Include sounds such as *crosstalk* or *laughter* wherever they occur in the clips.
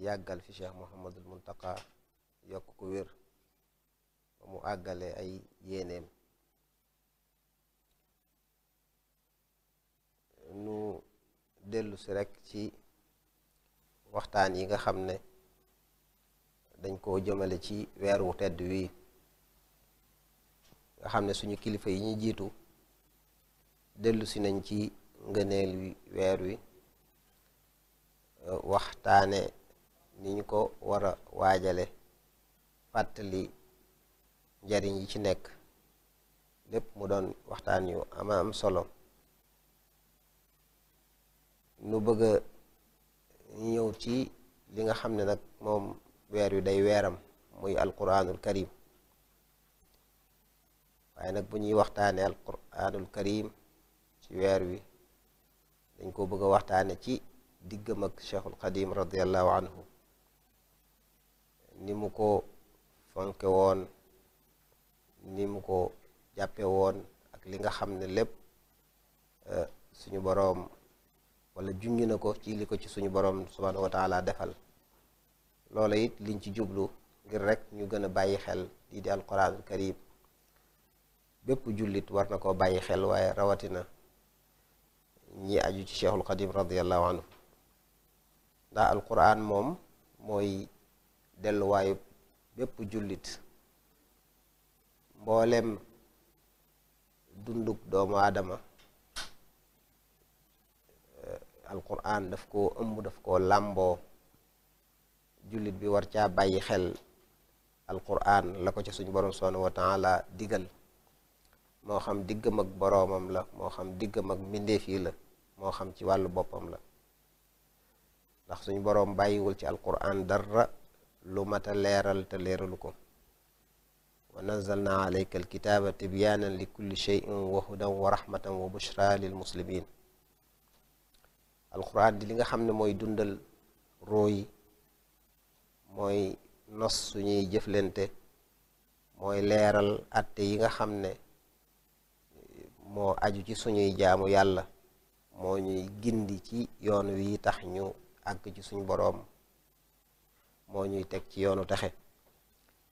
yàggal fi cheikh Mouhamadul Muntaqa yokk ko wér mu àggale ay yéeneem nu dellusi rekk ci waxtaan yi nga xam ne dañ koo jëmale ci weer wu tedd wii nga xam ne suñu kilifa yi ñu jiitu dellusi nañ ci ngëneel weer wi waxtaane ni ñu ko war a waajale fàttali njariñ yi ci nekk lépp mu doon waxtaan yu am am solo nu bëgg a ñëw ci li nga xam ne nag moom weer wi day weeram muy alquranul karim waaye nag bu ñuy waxtaanee alquranul karim ci weer wi dañ koo bëgg a waxtaane ci diggam ak cheikhul qadim radiallahu anhu ni mu ko fonke woon ni mu ko jàppe woon ak li nga xam ne lépp euh, suñu boroom wala junj na ko ci li ko ci suñu boroom subhaanahu wa defal loola it liñ ci jublu ngir rek ñu gën a bàyyi xel lii di alquraanul karim bépp jullit war na koo bàyyi xel waaye rawatina ñi aju ci cheikhul xadim radiallahu anhu ndax alquraan moom mooy delluwaayu bépp jullit mboolem dunduk doomu aadama eh, alquran daf koo ëmb daf koo làmboo jullit bi war caa bàyyi xel alquran la ko ca suñu borom subhanahu wa taala digal moo xam diggam ak boroomam la moo xam diggam ak mbindeef la moo xam ci wàllu boppam la ndax suñu boroom bàyyiwul ci alquran dara lu mata leeral te leeralu ko wa nazalna alayka alkitaaba tibyaanan li kulli cheyin wa hudan wa rahmatan wa bushra li nga xam ne mooy dundal róoyi mooy nos suñuy jëflante mooy leeral atte yi nga xam ne moo aju ci suñuy jaamu yàlla moo ñuy gindi ci yoon wi tax ñu àgg ci suñu boroom moo ñuy teg ci yoonu taxe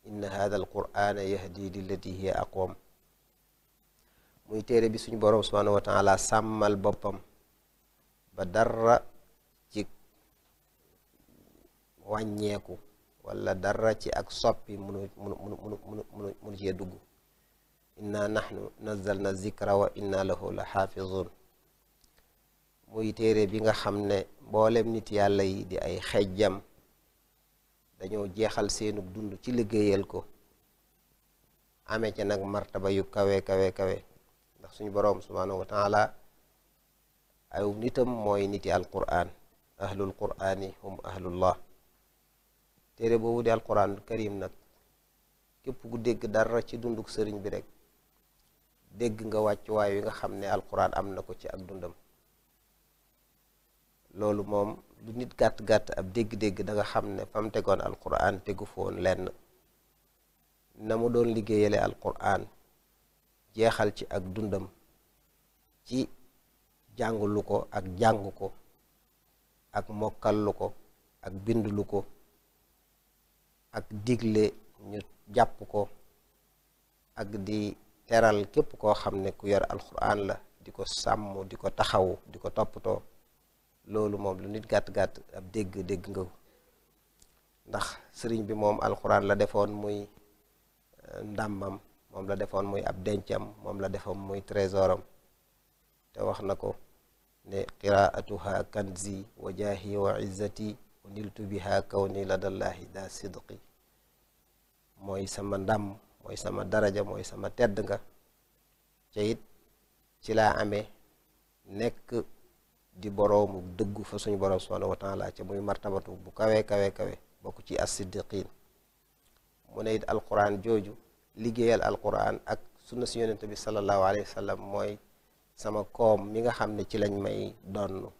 inna hada al qurana yahdi lillati hiya aqwam muy téere bi suñu borom subhanahu wa taala sàmmal boppam ba dara ci wàññeeku wala dara ci ak soppi munu munu munu munu munu cee dugg inna nahnu nazzalna zikra wa inna lahu la xaafizun muy téere bi nga xam ne mboolem nit yàlla yi di ay xejjam dañoo jeexal seenu dund ci liggéeyal ko amee ca nag martaba yu kawe kawe kawe ndax suñu boroom subhaanahu wa ay nitam mooy niti alquran ahlul qurani hum ahlullah téere boobu di alquran karim nag képp ku dégg dara ci dunduk sëriñ bi rek dégg nga wàcc waay wi nga xam ne alquran am na ko ci ak dundam loolu moom lu nit gàtt-gàtt ab dégg-dégg danga xam ne fa mu tegoon alquran tegu foon lenn na mu doon liggéeyale alquran jeexal ci ak dundam ci jàng ko ak jàng ko ak mokkal lu ko ak bind ko ak digle ñu jàpp ko ak di teral képp koo xam ne ku yor alquran la di ko sàmm di ko taxaw di ko toppatoo loolu moom lu nit gàtt-gàtt ab dégg dégg nga ndax sëriñ bi moom alxuraan la defoon muy euh, ndàmbam moom la defoon muy ab dencam moom la defoon muy trésoram te wax na ko ne qiraatuha kanzi wa jaahi wa izzati uniltu biha kawni ladallahi da sidqi mooy sama ndam mooy sama daraja mooy sama tedd nga ca ci laa amee nekk di boroomu dëggu fa suñu boroom subhaanahu wa taala ca muy martabatu bu kawe kawe kawe bokk ci as-siddiqin mu ne it jooju liggéeyal alquran ak sunna si yonente bi sallallahu mooy sama koom mi nga xam ne ci lañ may donn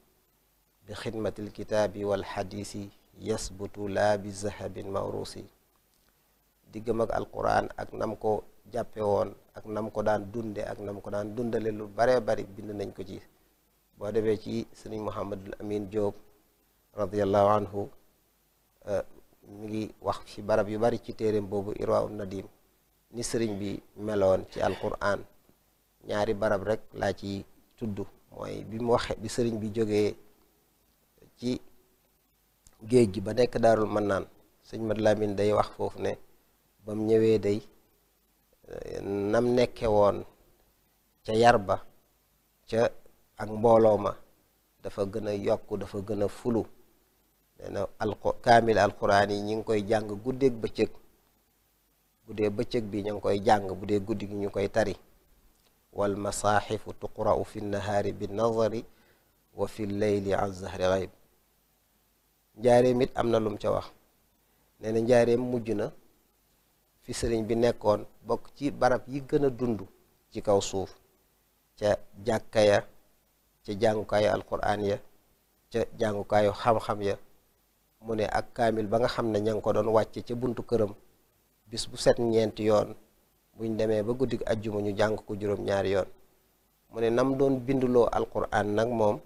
bi xidmatil kitaabi wal xadiisi yasbutu laa bi zahabin mawrusi diggam ak alquran ak nam ko jàppe woon ak nam ko daan dunde ak nam ko daan dundale lu baree bari bind nañ ko ci boo demee ci sëriñ Mouhamadul Amin Diop radiallahu anhu euh, mu ngi wax ci barab yu bari ci téereem boobu irwa un nadim ni sëriñ bi meloon ci alquran ñaari barab rek laa ci tudd mooy bi mu waxee bi sëriñ bi jógee ci géej gi ba nekk daarul mën naan sëñ Mad Lamin day wax foofu ne bam ñëwee day euh, nam nekkee woon ca yar ca ak mbooloo ma dafa gën a yokk dafa gën a fulu nee na kaamil alquran yi ñu ngi koy jàng guddeeg bëccëg bu dee bëccëg bi ñu ngi koy jàng bu dee guddi gi ñu koy tari wal masaaxifu tuqra'u fi nahaari bi nazari wa fi leyli an zahri xayb njaareem it am na lum ca wax nee na njaareem mujj na fi sëriñ bi nekkoon bokk ci barab yi gën a dund ci kaw suuf ca jàkka ya ca jàngukaayu alquran ya ca jàngukaayu xam-xam ya mu ne ak kaamil ba nga xam ne ña ngi ko doon wàcce ca buntu këram bis bu set ñeenti yoon buñ demee ba guddi ajjuma ñu jàng ko juróom-ñaari yoon mu ne nam doon binduloo alquran nag moom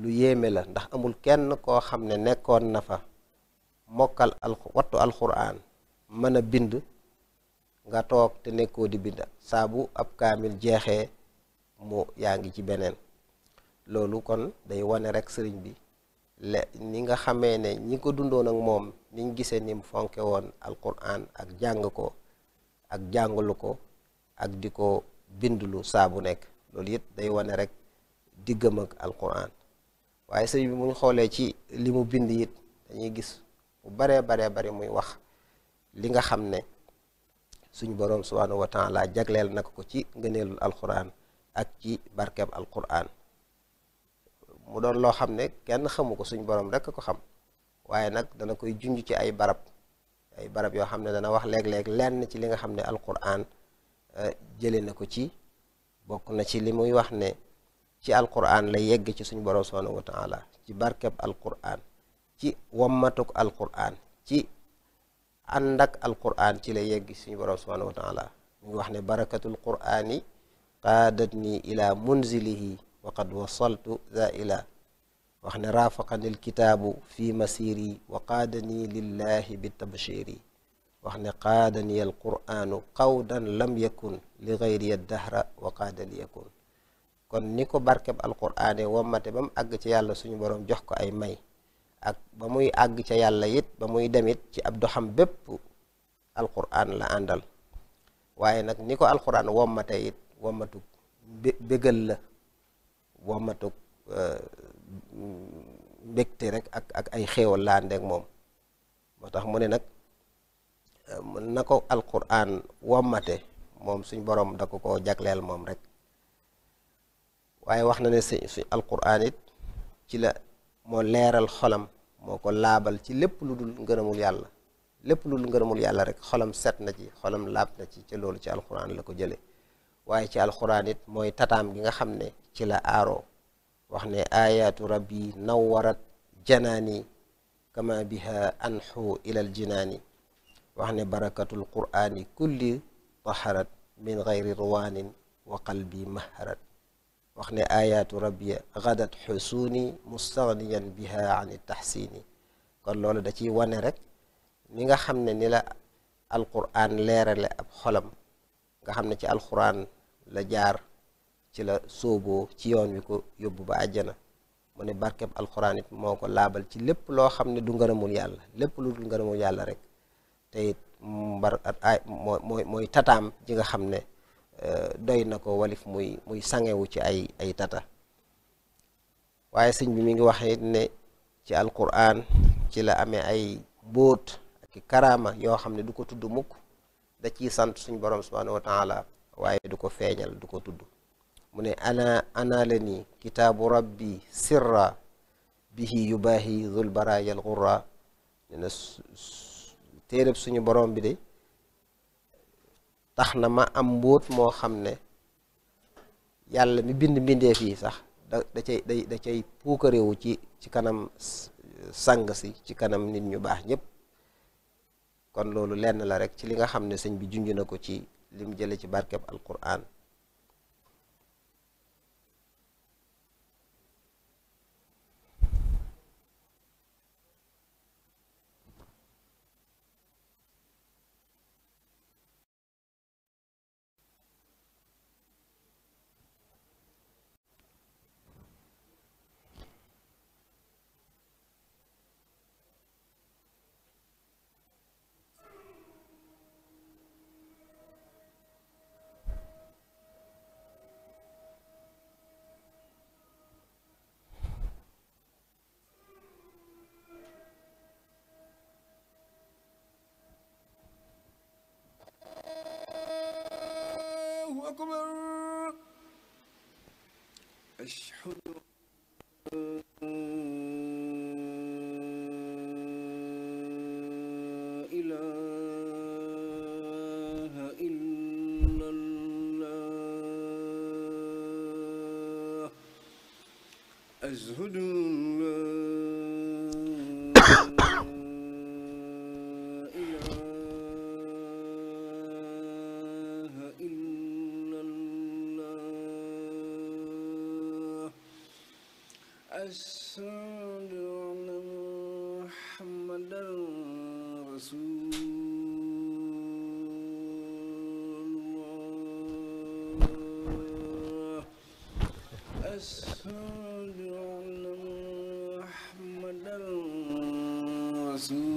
lu yéeme la ndax amul kenn koo xam ne nekkoon na fa mokkal al wattu mën a bind nga toog te nekkoo di bind saabu ab kaamil jeexee mu yaa ngi ci beneen loolu kon day wane rek sëriñ bi le ni nga xamee ne ñi ko dundoon ak moom niñ gisee ni mu fonke woon alquran ak jàng ko ak jàngalu ko ak di ko bindlu saa bu nekk loolu it day wane rek diggam ak alquran waaye sëriñ bi muñ xoolee ci li mu bind it dañuy gis bu baree baree bari muy wax li nga xam ne suñ boroom subhanahu wa taala jagleel na ko ci ngëneelul alquran ak ci barkeb alquran mu doon loo xam ne kenn xamu ko suñ borom a ko xam waaye nag dana koy junj ci ay barab ay barab yoo xam ne dana wax léeg-léeg lenn ci li nga xam ne alquran eh, jële na ko ci bokk na ci li muy wax ne ci alquran la yegg ci suñu borom subhanahu wa taala ci barkeb alquran ci wammatuk alquran ci ànd ak alquran ci la yegg ci suñu borom subhanahu wa taala mu wax ne barakatul qurani qaadat ni ila munzilihi waqad wasaltu za ila wax ne raafaqani alkitaabu fi masiri wa qaadani lillahi bi tabshiri wax ne qaadani alquranu qawdan lam yakun li gayri addahra kon ni ko barkeb alquraane wommate ba àgg ca yàlla suñu boroom jox ko ay may ba muy àgg ca yàlla it ba muy demit la àndal waaye nag ni ko alquran wommate it wommatu bégal la wammatug euh, mbégte rek ak ak ay xéewal laa ndeeg moom moo tax mu ne nag euh, na ko alquran wammate moom suñ borom da ko ko jagleel moom rek waaye wax na ne si suñ alquran it ci la moo leeral xolam moo ko laabal ci lépp lu dul ngërëmul yàlla lépp lu dul ngërëmul yàlla rek xolam set na ci xolam laab na ci ca loolu ci alquran la ko jële waaye ci alquran it mooy tataam gi nga xam ne ci la aaroo wax ne ayaatu rabbi nawwarat janaani kama biha anxu ilal jinaani wax ne barakatul quraani kulli taharat min gayri ruwaanin wa qalbi maharat wax ne ayaatu rabbi gadat xusuuni mustagniyan biha an taxsiini kon loolu da ciy wane rek ni nga xam ne ni la alquraan leerale ab xolam nga xam ne ci alxuraan la jaar ci la sóoboo ci yoon wi ko yóbbu ba àjjana mu ne barkeb alxuraan it moo ko laabal ci lépp loo xam ne du ngërëmul yàlla lépp lu dul ngërëmul yàlla rek te it mbar ay mooy mooy tataam ji nga xam ne euh, doy na ko walif muy muy sangewu ci ay ay tata waaye sëñ bi mu ngi waxee ne ci alquran ci la amee ay boot ak karaama yoo xam ne du ko tudd mukk da ciy sant suñ borom subhanahu wa taala waaye du ko feeñal du ko tudd mu ne ana analani kitaabu rabbi sirra bihi yubaahi zul baraaya al gurra ne na téereb suñu borom bi de tax na ma am boot moo xam ne yàlla mi bind mbindeef yi sax da da cay cay puukarewu ci ci kanam sang si ci kanam nit ñu baax ñépp kon loolu lenn la rek ci li nga xam ne sëñ bi junj na ko ci lim jële ci barkeb alquran أكبر أشهد إله إلا الله أشهد sunu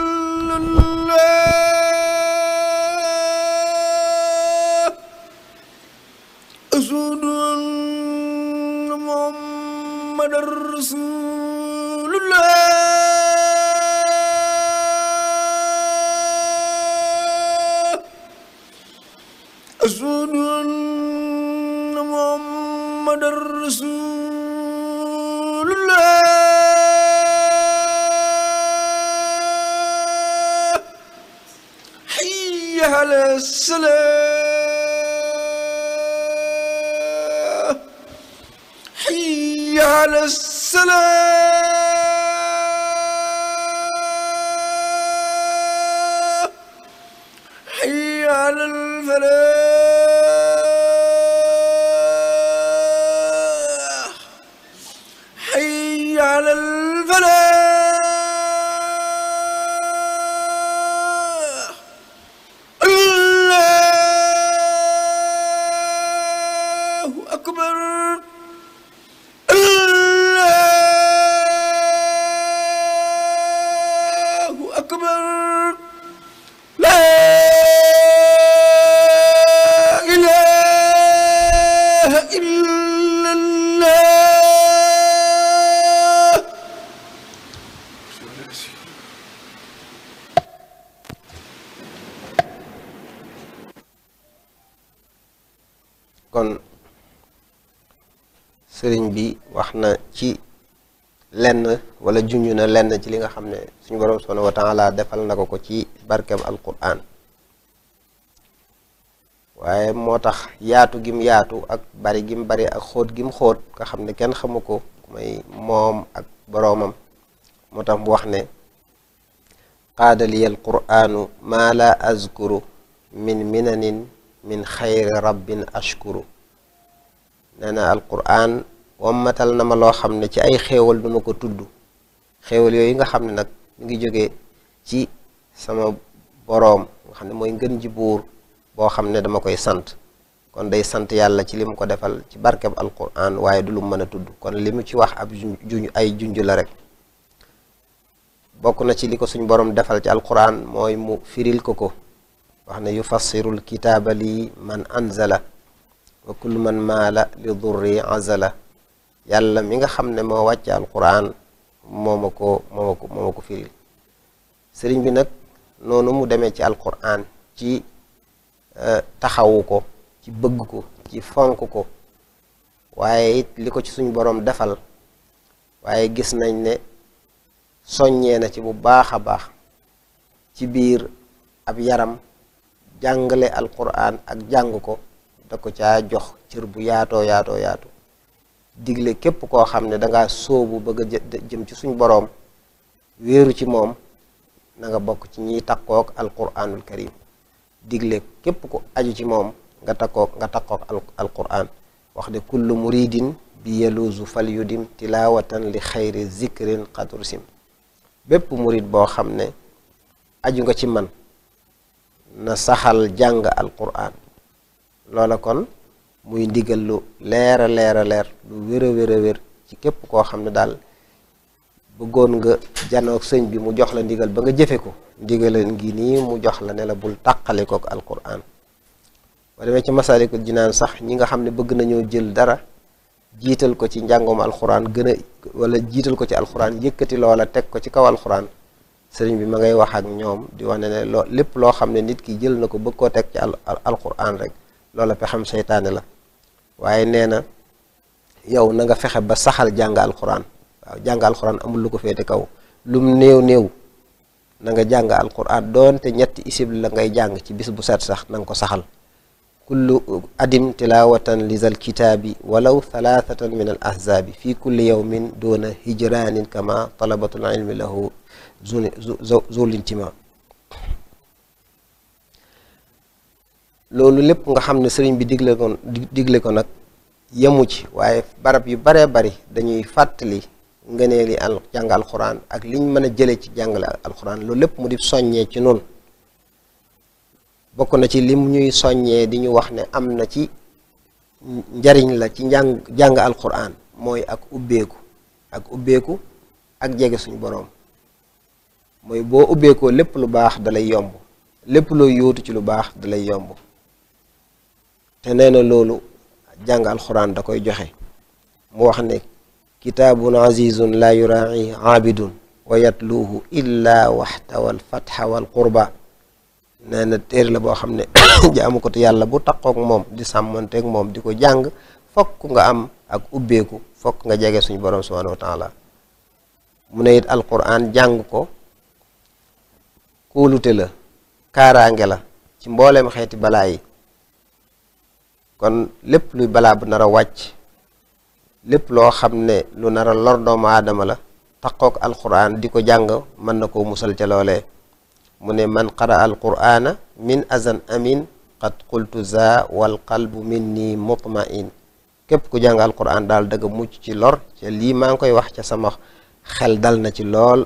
على السلام حي على الفلاح lenn wala junj na lenn ci li nga xam ne suñ borom subhanahu wa taala defal na ko ko ci barkeem alquran waaye moo tax yaatu gim yaatu ak bari gim bari ak xóot gim xóot nga xam ne kenn xamu ko may moom ak boroomam moo tax mu wax ne qaadaliya alquranu maa la azkuru min minanin min xayri rabbin ashkuru nee na alquran wammatal na ma loo xam ne ci ay xéewal duma ko tudd xéewal yooyu nga xam ne nag mu ngi jógee ci sama boroom nga xam ne mooy ngën ji buur boo xam ne dama koy sant kon day sant yàlla ci li mu ko defal ci barkeb alquran waaye du lu mën a tudd kon li mu ci wax ab juñ ay junj la rek bokk na ci li ko suñ boroom defal ci alquran mooy mu firil ko ko wax ne yufassirul kitaaba li man anzala wa kullu man maala li durri azala yàlla mi nga xam ne moo wàcce alquran moo ma ko moo ma ko moo ko firil sëriñ bi nag noonu mu demee ci alquran ci e, taxawu ko ci bëgg ko ci fonk ko waaye it li ko ci suñu boroom defal waaye gis nañ ne soññee na ci bu baax a baax ci biir ab yaram jàngale alquran ak jàng ko da ko caa jox cër bu yaatoo yaatoo yaatu digle képp koo xam ne dangaa sóobu bëgg a jëm ci suñ boroom wéeru ci moom na nga bokk ci ñiy takkook alquranul karim digle képp ko aju ci moom nga takkook nga takkook alquran wax de kullu muridin bi yaluusu fal yudim tilawatan li xayri zikrin xatursim bépp murid boo xam ne aju nga ci man na saxal jàng alquran loola kon muy ndigal lu leer a leer leer lu wér a wér ci képp koo xam ne daal bëggoon nga janoo ak sëñ bi mu jox la ndigal ba nga jëfe ko ndigalan ngi nii mu jox la ne la bul taqale ko ak alquran ba demee ci masaalikul jinaan sax ñi nga xam ne bëgg nañoo jël dara jiital ko ci njàngoom alxuraan gën jiital ko ci alxuraan yëkkati loola teg ko ci kaw alxuraan sëriñ bi ma ngay wax ak ñoom di wax ne ne loo lépp loo xam ne nit ki jël na ko bëgg koo teg ci alxuraan rek loola pexam seytaane la waaye nee na yow na nga fexe ba saxal jàng alquran waaw jàng alquran amul lu ko feete kaw lum néew néew na nga jàng alquran doonte ñetti isib la ngay jàng ci bis bu set sax nanga ko saxal kullu adim tilawatan lizal kitaabi walaw thalathatan min al ahzaabi fi kulli yawmin doona hijranin kama talabatul ilmi lahu zulin loolu lépp nga xam ne sëriñ bi digle ko digle ko nag yemu ci waaye barab yu baree bari dañuy fàttali ngëneel yi al jàng alxuraan ak liñ mën a jëlee ci jàngale alxuraan loolu lépp mu di soññee ci noonu bokk na ci lim ñuy soññee di ñu wax ne am na ci njariñ la ci njàng jàng alxuraan mooy ak ubbeeku ak ubbeeku ak jege suñu boroom mooy boo ubbeekoo lépp lu baax dalay yomb lépp loo yóotu ci lu baax dalay yomb te nee na loolu jàng alxuraan da koy joxe mu wax ne kitaabun azizun la yuraai aabidun wa yatluuhu illa waxtawal fatxa wal qurba nee na la boo xam ne *coughs* jaamu ko te yàlla bu taqook moom di sàmmanteeg moom di ko jàng fokk nga am ak ubbeeku fokk nga jege suñu borom subhanahu wa taala mu ne it alquran jàng ko kóolute la kaaraange la ci mbooleem xeeti balaa yi kon lépp luy balaa bu nar a wàcc lépp loo xam ne lu nara lor doomu aadama la taqook alquran di ko jàng mën na koo musal ca loolee mu ne man qara alqurana min azan amin qad qultu za wal qalbu minni mutmain képp ku jàng alquran daal dëgg mucc ci lor ca lii maa ngi koy wax ca sama xel dal na ci lool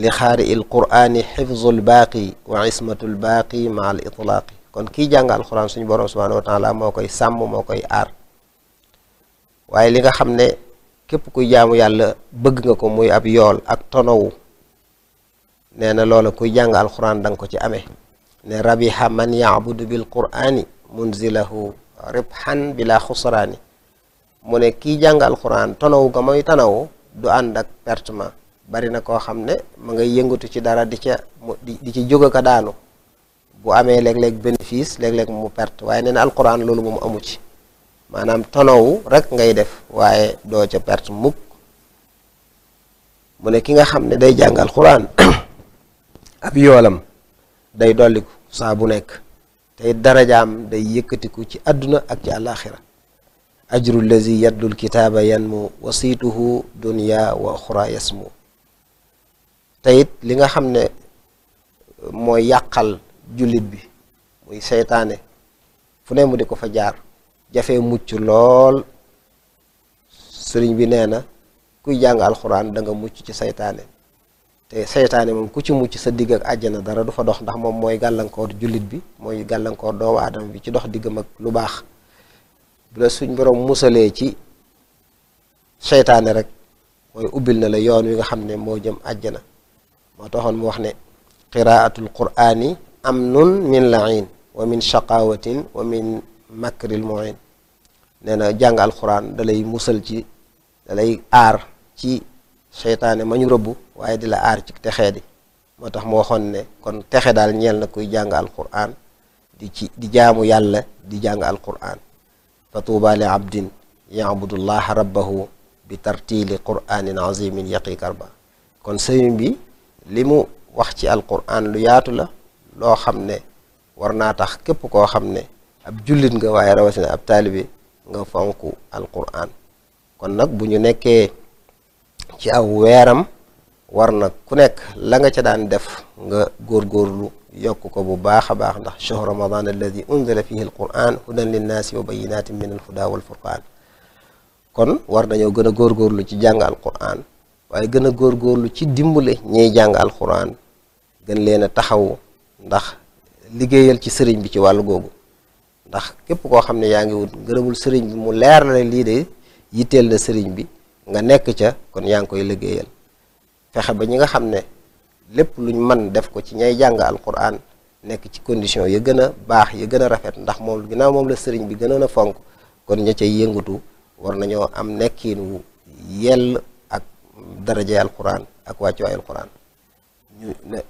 li xaari il qurani xifzu lbaaqi wa ismatu lbaaqi ma al itlaaqi kon kiy jàng alxuraan suñu borom subhaanahu wa taala moo koy sàmm moo koy aar waaye li nga xam ne képp kuy jaamu yàlla bëgg nga ko muy ab yool ak tonowu nee na loola kuy jàng alxuraan da nga ko ci amee ne rabiha man yaabudu bil qur'ani munzilahu ribhan bila xusraani mu ne kiy jàng alxuraan tonawu nga mooy tanawu du ànd ak pertement bari na koo xam ne mu nga yëngatu ci dara di ca di ci jóg ko daanu bu amee léeg-léeg bénéfice léeg mu perte waaye nee na alquran loolu moom amu ci maanaam tonowu rek ngay def waaye doo ca perte mukk mu ki nga xam ne day jàng alquran *coughs* ab yoolam day dolliku saa bu nekk tey darajaam day yëkkatiku ci àdduna ak ci àllaaxira ajru lazi yatlul kitaaba yanmu wasiituhu dunya wa uxra yasmu teyit li nga xam ne mooy yàqal jullit bi muy seytaane fu ne mu di ko fa jaar jafe mucc lool sëriñ bi nee na kuy jàng alxuraan da nga mucc ci seytaane te seytaane moom ku ci mucc sa digg ak àjjana dara du fa dox ndax moom mooy gàllankoor jullit bi mooy gàllankoor doomu aadama bi ci dox diggam ak lu baax bu la suñ borom musalee ci seytaane rek mooy ubbil na la yoon wi nga xam ne moo jëm àjjana moo taxoon mu wax ne qiraatul quraani amnun min lain wa min shaqawatin wa min makril muin nee na jàng dalay musal ci dalay aar ci seytaane ma ñu rëbb waaye di la aar ci texee di moo tax mu waxoon ne kon texe daal ñeel na koy jàng alxuraan di ci di jaamu yàlla di jàng alxuraan fa tuuba li abdin yaabudullaha rabbahu bi tartili quraanin azimin yaqi karba kon sëriñ bi li mu wax ci alxuraan lu yaatu la loo xam ne war naa tax képp koo xam ne ab jullit nga waaye rawatina ab taalibi nga fonk alquran kon nag bu ñu nekkee ci aw weeram war na ku nekk la nga ca daan def nga góor góorgóorlu yokk ko bu baax a baax ndax shahru ramadan alladi unzila fihi alquran hudan linnaasi wa bayinatin min alhuda walfurqaan kon war nañoo gën a góorgóorlu ci jàng alquran waaye gën a góorgóorlu ci dimbale ñiy jàng alquran gën leen a taxawu ndax liggéeyal ci sëriñ bi ci wàllu googu ndax képp koo xam ne yaa ngi wut ngërëmul sëriñ bi mu leer na lii de yitteel na sëriñ bi nga nekk ca kon yaa ngi koy liggéeyal fexe ba ñi nga xam ne lépp lu luñ man def ko ci ñay jàng alquran nekk ci condition ya gën a baax ya gën a rafet ndax moom ginnaaw moom la sëriñ bi gënoon a fonk kon ña cay yëngatu war nañoo am nekkiin wu yell ak daraje alquran ak wàccuwaay alquran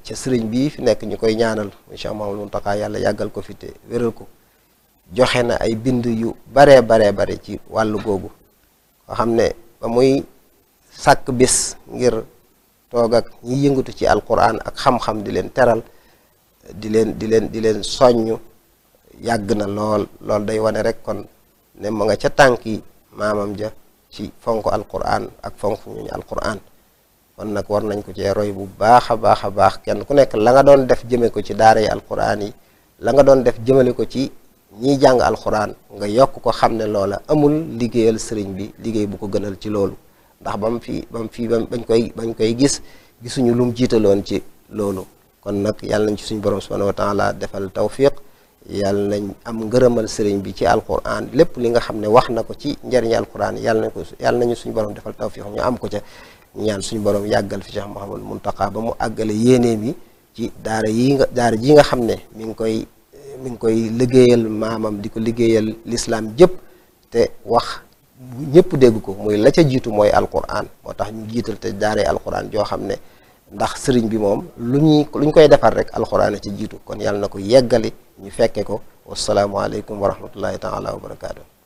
ca sëriñ bii fi nekk ñu koy ñaanal Cheikh Mouhamadou Mountakha yàlla yàggal ko fi te wéral ko joxe na ay bind yu baree baree bare ci wàll googu nga xam ne ba muy sàkk bis ngir toog ak ñi yëngatu ci alquran ak xam-xam di leen teral di leen di leen di leen soññ yàgg na lool lool day wane rek kon ne mu nga ca tànk yi maamam ja ci fonk alquran ak fonk ñooñu alquran kon nag war nañ ko cee roy bu baax a baax a baax kenn ku nekk la nga doon def jëme ko ci daara yi alquran yi la nga doon def jëmale ko ci ñiy jàng alquran nga yokk ko xam ne loola amul liggéeyal sëriñ bi liggéey bu ko gënal ci loolu ndax ba mu fi ba mu fi bañ koy bañ koy gis gisuñu lum jiitaloon ci loolu kon nag yàlla nañ ci suñu borom subhanahu wa taala defal tawfiq yàlla nañ am ngërëmal sëriñ bi ci alquran lépp li nga xam ne wax na ko ci njariñi alquran yàlla nañ ko yàlla nañu suñu borom defal tawfiq ñu am ko ca ñaan suñu borom yàggal fi Cheikh Mouhamadou Mountakha ba mu àggale yéeneem yi ci daara yi nga daara ji nga xam ne mu ngi koy mi ngi koy liggéeyal maamam di ko liggéeyal lislaam jëpp te wax ñëpp dégg ko muy la ca jiitu mooy alquran moo tax ñu jiital te daaree alquran joo xam ne ndax sëriñ bi moom lu ñuy lu ñu koy defar rek alquran ci jiitu kon yàlla na ko yeggali ñu fekke ko wasalaamualeykum wa rahmatullahi taala wa barakaatu.